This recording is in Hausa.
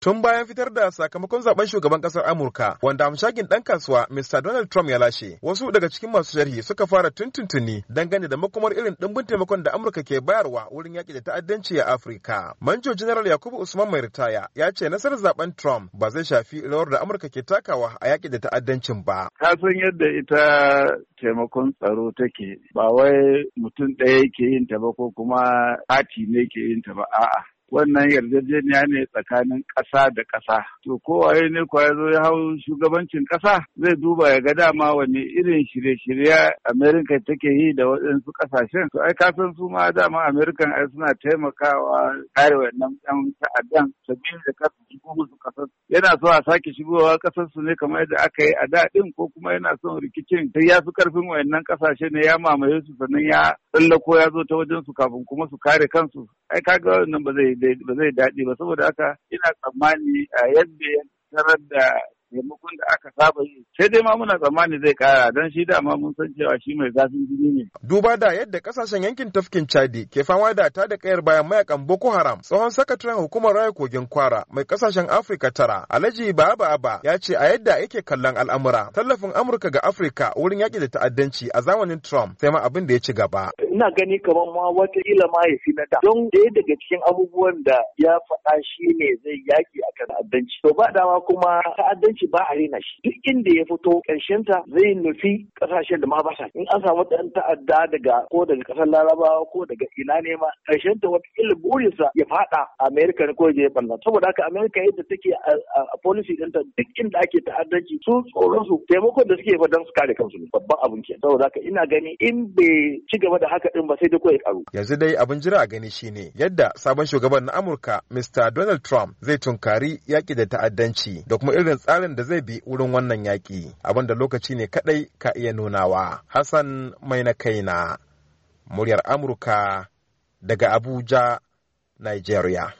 Tun bayan fitar da sakamakon zaben shugaban kasar Amurka wanda hamshagin dan kasuwa Mr. Donald Trump ya lashe, wasu daga cikin masu sharhi suka fara tuntuntuni dangane da makomar irin dimbin taimakon da Amurka ke bayarwa wurin yaƙi da ta'addanci a Afirka. Manjo General Yakubu Usman mai ritaya ya ce nasarar zaben Trump ba zai shafi rawar da Amurka ke takawa a yaƙi da ta'addancin ba. Ka san yadda ita taimakon tsaro take ba wai mutum ɗaya ke yin ta ba ko kuma ati ne ke yin ta ba a'a wannan yarjejeniya ne tsakanin ƙasa da ƙasa. To kowaye ne kwa ya zo ya hau shugabancin ƙasa zai duba ya ga dama wani irin shirye-shirye Amerika take yi da waɗansu ƙasashen. To ai kasan su ma dama Amerikan ai suna taimakawa kare wannan 'yan ta'addan sabbin da kasa musu kasar yana so a sake shigowa kasar su ne kamar yadda aka yi a daɗin ko kuma yana son rikicin sai ya fi karfin wayannan kasashe ne ya mamaye su sannan ya tsallako ya zo ta wajen su kafin kuma su kare kansu ai kaga wannan ba zai daɗi ba saboda haka ina tsammani a yadda ya tarar da maimakon da aka saba yi sai dai ma muna tsammani zai kara don shi dama mun san cewa shi mai zafin jini ne. Duba da yadda kasashen yankin tafkin Chadi ke fama da ta da kayar bayan mayakan Boko Haram tsohon sakataren hukumar raya kogin kwara mai kasashen Afirka tara Alhaji Baba Aba ya ce a yadda yake kallon al'amura tallafin Amurka ga Afirka wurin yaƙi da ta'addanci a zamanin Trump sai ma abin da ya ci gaba. Ina gani kamar ma wataƙila ma ya fi na da don ɗaya daga cikin abubuwan da ya faɗa shi ne zai yaƙi a ta'addanci. To ba dama kuma ta'addanci ce ba a rena shi duk inda ya fito ta zai nufi ƙasashen da ma ba sa in an samu ɗan ta'adda daga ko daga ƙasar larabawa ko daga ina ne ma ta wata ila burinsa ya faɗa amerika ne ko ya je ɓanna saboda haka amerika yadda take a policy ta duk inda ake ta'addanci su tsoron su taimakon da suke yi don su kare kansu babban abin ke saboda haka ina gani in bai ci gaba da haka din ba sai dai ko ya karu yanzu dai abin jira a gani shine yadda sabon shugaban na Amurka Mr Donald Trump zai tunkari yaƙi da ta'addanci da kuma irin tsarin tsarin da zai bi wurin wannan yaƙi da lokaci ne kaɗai ka iya nunawa hassan mai na kaina muryar amurka daga abuja nigeria